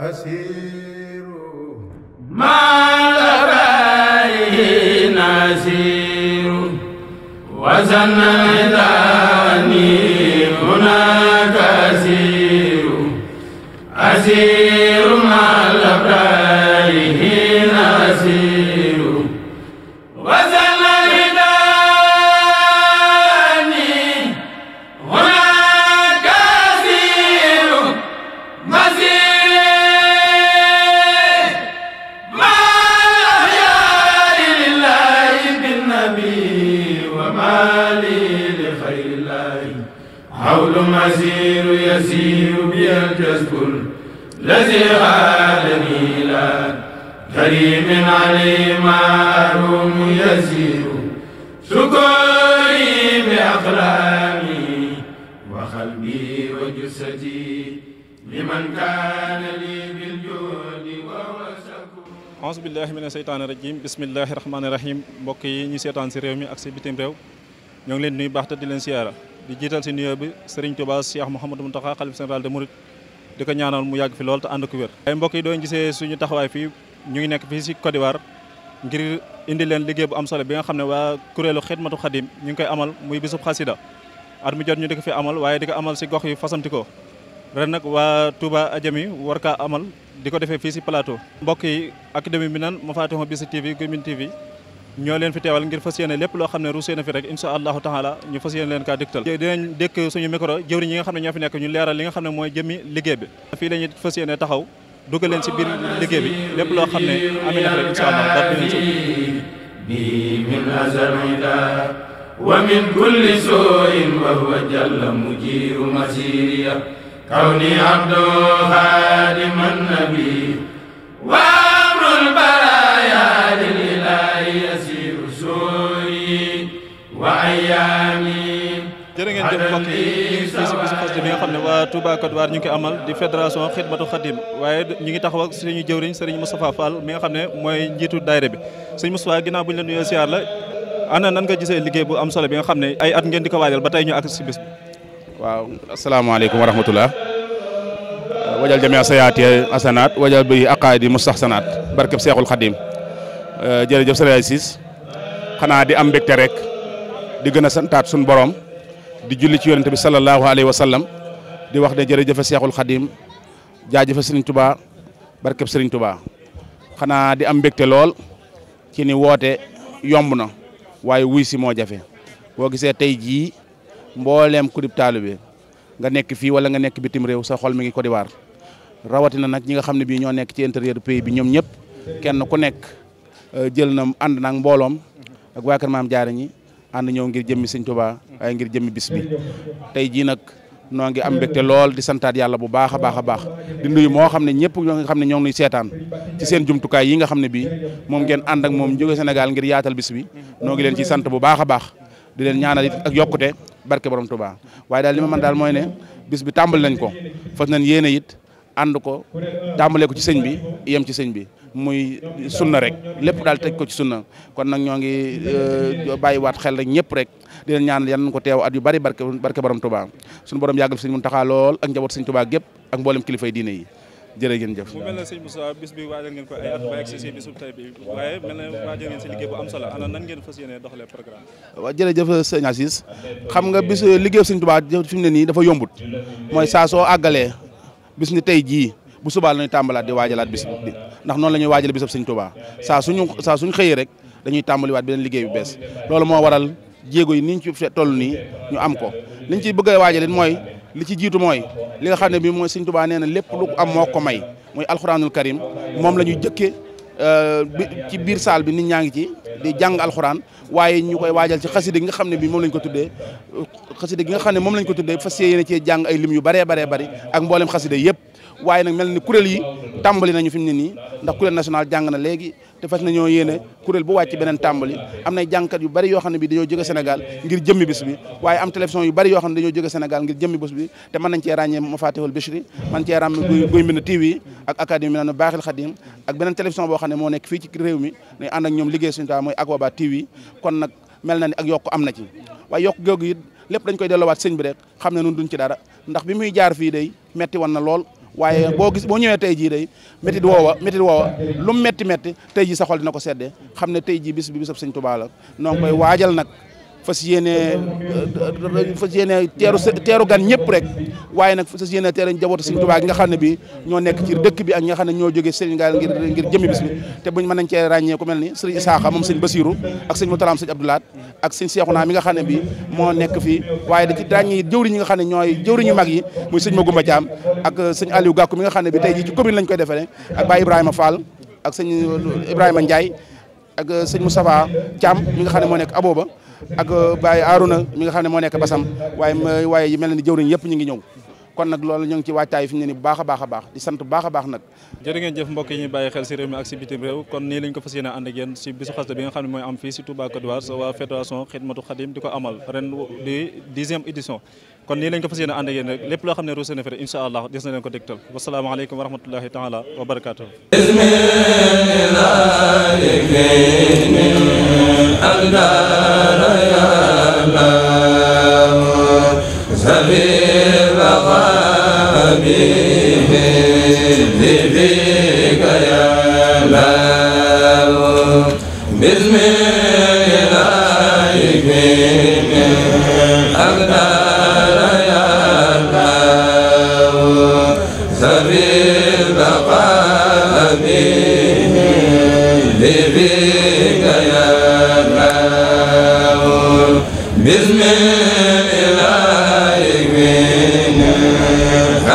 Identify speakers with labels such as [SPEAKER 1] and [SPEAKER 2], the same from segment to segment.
[SPEAKER 1] asiru
[SPEAKER 2] malabari nasiru wazanna
[SPEAKER 1] كريم علي ما روم يزيد شكري بأقلامي
[SPEAKER 3] وخلبي وجسدي لمن كان
[SPEAKER 1] لي
[SPEAKER 2] بالجود ووسكو
[SPEAKER 3] أعوذ بالله من الشيطان الرجيم بسم الله الرحمن الرحيم بقي نسيطان سيريومي أكسي بيتم ريو نيون لين نوي باحتة دلين سيارة di jital ci nuyo bi serigne touba cheikh mohamed muntaha khalif central de mourid diko ñaanal mu yag fi lol ta and ku wër ay mbokk ñu ngi nek fi ci Côte d'Ivoire ngir indi len liggéey bu am solo bi nga xamné wa kurelu xidmatu ñu koy amal muy bisub khassida at mu jot ñu di fi amal waye di amal ci gox yu Renak ren tuba wa Touba Adjami war ka amal diko ko fi ci plateau. mbokk yi académie bi naan ma bis TV gumin TV ño len fi teewal ngir fasiyene yéene lépp loo xam ne na fi rek insha allah taala ñu fasiyene len ka kaa dégtal. dinañ dékk suñu micro jëwri ñi nga xamné ne fi ñu leeral li nga xamné moy jëmi liggéey bi. fi lañu fasiyene taxaw. dugal leen si biir liggéey bi lépp loo xam ne amee na rek incha allah dara dinañ si ومن كل سوء وهو
[SPEAKER 2] جل مجير مسيريا كوني عبد خادم النبي وامر البرايا للاله يسير سوئي واياه jërë ngeen jëf mbokk yi ñu ngi
[SPEAKER 3] xam ne waa Touba Côte d'Ivoire amal di fédération Xidmatul Xadim waaye ñu ngi taxaw ak suñu jëwriñ sëriñ Moustapha Fall mi nga xam ne mooy njiitu daayira bi sëriñ Moustapha ginnaaw bu ñu la nuyoo siyaar la ana nan nga gisee liggéey bu am solo bi nga xam ne ay at ngeen di ko waajal ba tey ñu ak si bis
[SPEAKER 2] asalaamaaleykum wa rahmatullah wajal jamia sayaati asanaat wajal bi aqaadi mustahsanaat barkeb seexul xadim jërëjëf sëriñ Sis xanaa di am mbégte rek di gëna santaat suñu borom di julli ci yonente bi sallallahu alayhi wa sallam di wax ne jërëjëfe seexul xadim jaajëfe sëriñ tubaa barkeb sëriñ tubaa xanaa di am mbégte lool ci ni woote yomb na waaye wuy si moo jafe boo gisee tey jii mbooleem ku dib taalibe nga nekk fii wala nga nekk bitim réew sa xol mi ngi Côte d'Ivoire rawatina nag ñi nga xam ne bii ñoo nekk ci intérieur pays bi ñoom ñëpp kenn ku nekk euh, jël na ànd naag mbooloom ak waa kër maam jaara ànd ñëw ngir jëmmi sëñ Tuubaa mm-hmm. waaye ngir jëmmi bis tey jii nag noo ngi am mbégte lool di santaat yàlla bu baax a baax a baax di nuyu moo xam ne ñëpp ñoo nga xam ne ñoo ngi seetaan ci seen jumtukaay yi nga xam ne bii moom ngeen ànd ak moom jóge Sénégal ngir yaatal bis bi mm-hmm. noo ngi leen ci sant bu baax a baax di leen ñaanal it ak yokkute barke borom Touba waaye daal li ma man daal mooy ne bis bi tàmbali nañ ko fas nañ yéene it ànd ko tàmbalee ko ci sëñ bi yem ci sëñ bi muy sunna rek lepp dal tej ko ci sunna kon nak ñongi euh, bayyi wat xel rek ñepp rek di len ñaan yan ko tew at yu bari barke barke borom tuba sun borom yagal Sëriñ Mountakha lol ak njabot Sëriñ tuba gep ak kilifa yi diine yi jere gene jëf. mu mel
[SPEAKER 3] seigne sëñ Moussa bis bi waajal ngeen ko ay at ba egg si bisub tey bi waye mel na ngeen ci liggey bu am solo ana nan ngeen fassiyene doxale programme
[SPEAKER 2] wa jere jërëjëf seigne Assis xam nga bis euh, liggey seigne Touba fi mu ne dafa yombut moy sa so àggalee bis ni tay ji bu subaa la tambalat di waajalaat bis bi ndax noonu la ñuy waajale bisab sëñ Touba saa suñu saa suñu xëyee rek dañuy tàmbaliwaat beneen liggéey bu bees loolu moo waral jéego yi niñ ci toll nii ñu am ko liñ ci bëgg a waajale mooy li ci jiitu mooy li nga xam ne bi mooy sëñ Touba nee na lépp lu am moo ko may mooy alxuraanul karim moom la ñuy jëkkee euh, ci biir saal bi nit ñaa ngi ci di jàng alxuraan waaye ñu koy waajal ci xasida gi nga xam ne bi moom lañ ko tuddee xasida gi nga xam ne ko tuddee fas yéene cee jàng ay lim yu baree baree bari ak mboolem xasida yëpp waaye nag mel ni kuréel yi tàmbali nañu fi mu ne nii ndax kuréel national jàng na léegi te fas nañoo yéene kuréel bu wàcc beneen tàmbali am nay yu bari yoo xam ne bi dañoo jóge Sénégal ngir jëmmi bis bi waaye am télévision yu bari yoo xam ne dañoo jóge Sénégal ngir jëmmi bis bi te mën nañ cee ràññee Mafatihul Bichri mën cee ràññee Guy Mbind TV ak académie naan Baaxil Xadim ak beneen télévision boo xam ne moo nekk fii ci réew mi dañ ànd ak ñoom liggéey suñu taa mooy Akwaba TV kon nag mel ak yokk am na ci waaye yokk googu it lépp dañ koy delloowaat sëñ bi rek xam ne nun duñ ci dara ndax bi muy jaar fii dey metti woon lool waaye mm-hmm. boo gis boo ñëwee tey jii day métit woowa métit woowa lu mu métti métti tey jii sa xol dina ko seddee xam ne tey jii bis bi bisab sëñ Tuubaa la noo ngi koy waajal nag fas yéene fas yéene teeru teeru gan ñëpp rek waaye nag fas yéene teeru njabootu Sëriñ Tuubaa gi nga xam ne bi ñoo nekk ci dëkk bi ak ñi nga xam ne ñoo jógee Sénégal ngir ngir jëmmi bis bi te mën nañ cee ràññee mel ni Sëriñ Isaaxa moom si Basiru ak Sëriñ Mutalaam Sëriñ Abdoulaat ak Sëriñ Seexuna mi nga xam ne bi moo nekk fi waaye da ci ràññee jëwriñ ñi nga xam ne ñooy jëwriñu mag yi muy ma Magumba Caam ak Sëriñ Aliou Gàkku mi nga xam ne bi tey jii ko commune lañ koy defee ak Baay Ibrahima Fall ak Sëriñ Ibrahima Ndiaye ak Sëriñ Moustapha Caam mi nga xam ne moo nekk abooba ak euh, Baye Arouna mi nga xam ne moo nekk Basam waaye waaye mel na ni jëwriñ yëpp ñu ngi ñëw kon nag loolu ñu ci waajtaay fi ñu ni bu baax a baax a baax di sant bu baax a baax nag
[SPEAKER 3] jërë ngeen jëf mbokk yi ñuy bàyyi xel si réew mi ak si bitim réew kon nii lañ ko fas yéene ànd ak yéen si bisu xasida bi nga xam ne mooy am fii si Touba Côte d'Ivoire waa fédération Xidmatu Xadim di ko amal ren di dixième édition kon ni lañ ko fassiyene ande yene lépp lo xamne ne fere na fi rek incha allah des na leen ko dégtal wasalaamaaleykum wa rahmatullahi taala wa barakatuh سبيل
[SPEAKER 1] غابه لبيك يا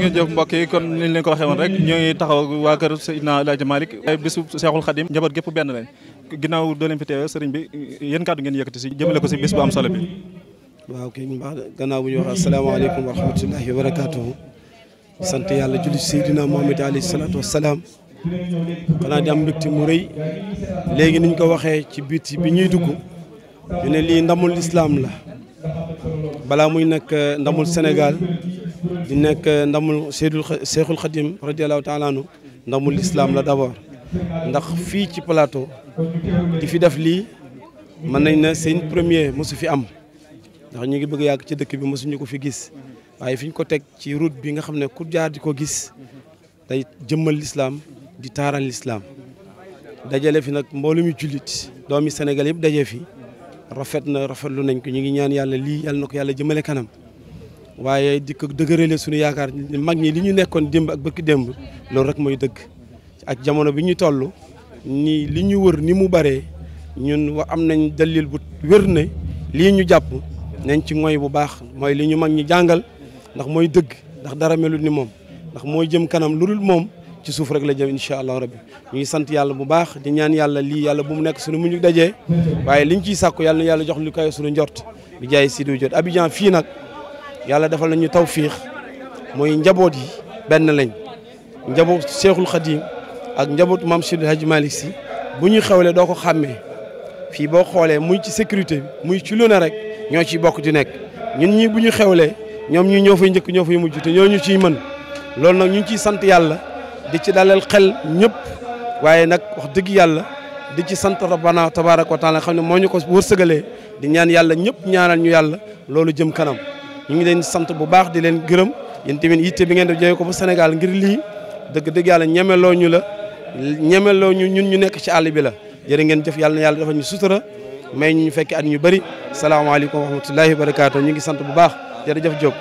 [SPEAKER 3] ngeen mbokk yi kon niñ leen ko waxee woon rek ñooy taxaw waa kër Seydina El Hadj Malick ay bisu Seexul Xadim njaboot gépp benn lañ ginnaaw doo leen fi teewee sëriñ bi yéen kàddu ngeen yëkkati si jëmale ko si bis bu am solo bi
[SPEAKER 1] waaw kay baax gannaaw bu
[SPEAKER 3] ñu wax asalaamaaleykum wa rahmatullahi wa barakatuhu
[SPEAKER 1] sant yàlla julli Seydina Mohamed alayhi salaatu wa salaam xanaa di am mbégte mu rëy léegi niñ ko waxee ci biit bi ñuy dugg ñu ne lii ndamul islaam la balaa muy nag eh, ndamul Sénégal نك ندم الشيخ الخديم رضي الله تعالى عنه ندم الإسلام لا دبر ندخ في كي بلاتو دي في دفلي من هنا سين بريمير موسى في أم ندخ نيجي بقى يا كتير دكبي موسى نيجي في جيس أي فين كتك تي رود بينا خمنا كل جار دي كجيس دا جمل الإسلام دي تاران الإسلام دا جل في نك مولم يجليت دومي سنغالي دا جل في رفتنا رفتنا نكني نيان يا للي يا نك يا لجمل كنام waaye dikk ko dëgërale suñu yaakaar mag ñi li ñu nekkoon démb ak bëkki démb loolu rek mooy dëgg ak jamono bi ñu toll ni li ñu wër ni mu bëree ñun am nañ dalil bu wér ne lii ñu jàpp nañ ci mooy bu baax mooy li ñu mag ñi jàngal ndax mooy dëgg ndax dara melul ni moom ndax mooy jëm kanam lu dul moom ci suuf rek la jëm incha allahu rabbi ñu ngi sant yàlla bu baax di ñaan yàlla lii yàlla bu mu nekk suñu muñu dajee waaye liñ ciy sàkku yàlla yàlla jox lu kayo suñu njort bi jaay si du jot Abidjan fii nag yàlla defal nañu tawfiix mooy njaboot yi benn lañ njaboot Seexul Xadiim ak njaboot maam Seydi Hadji malik Sy bu ñu xewlee doo ko xàmmee fii boo xoolee mu ci sécurité bi muy ci lu rek ñoo ciy bokk di nekk ñun ñi bu ñu xewle ñoom ñu ñoo fay njëkk ñoo fay mujj te ñoo ñu ciy mën loolu nag ñu ngi ciy sant yàlla di ci dalal xel ñëpp waaye nag wax dëgg yàlla di ci sant rabbana tabaraka wa taala xam ne moo ñu ko wërsëgalee di ñaan yàlla ñëpp ñaanal ñu yàlla loolu jëm kanam ñu ngi leen sant bu baax di leen gërëm yéen tamit yitte bi ngeen def jëlee ko bu Sénégal ngir lii dëgg dëgg yàlla ñemeloo ñu la ñemeloo ñu ñun ñu nekk ci àll bi la jërë ngeen jëf yàlla na yàlla dafa ñu sutura may ñu fekk at ñu bëri salaamaaleykum wa rahmatullahi wa barakaatu ñu ngi sant bu baax jërëjëf Diop.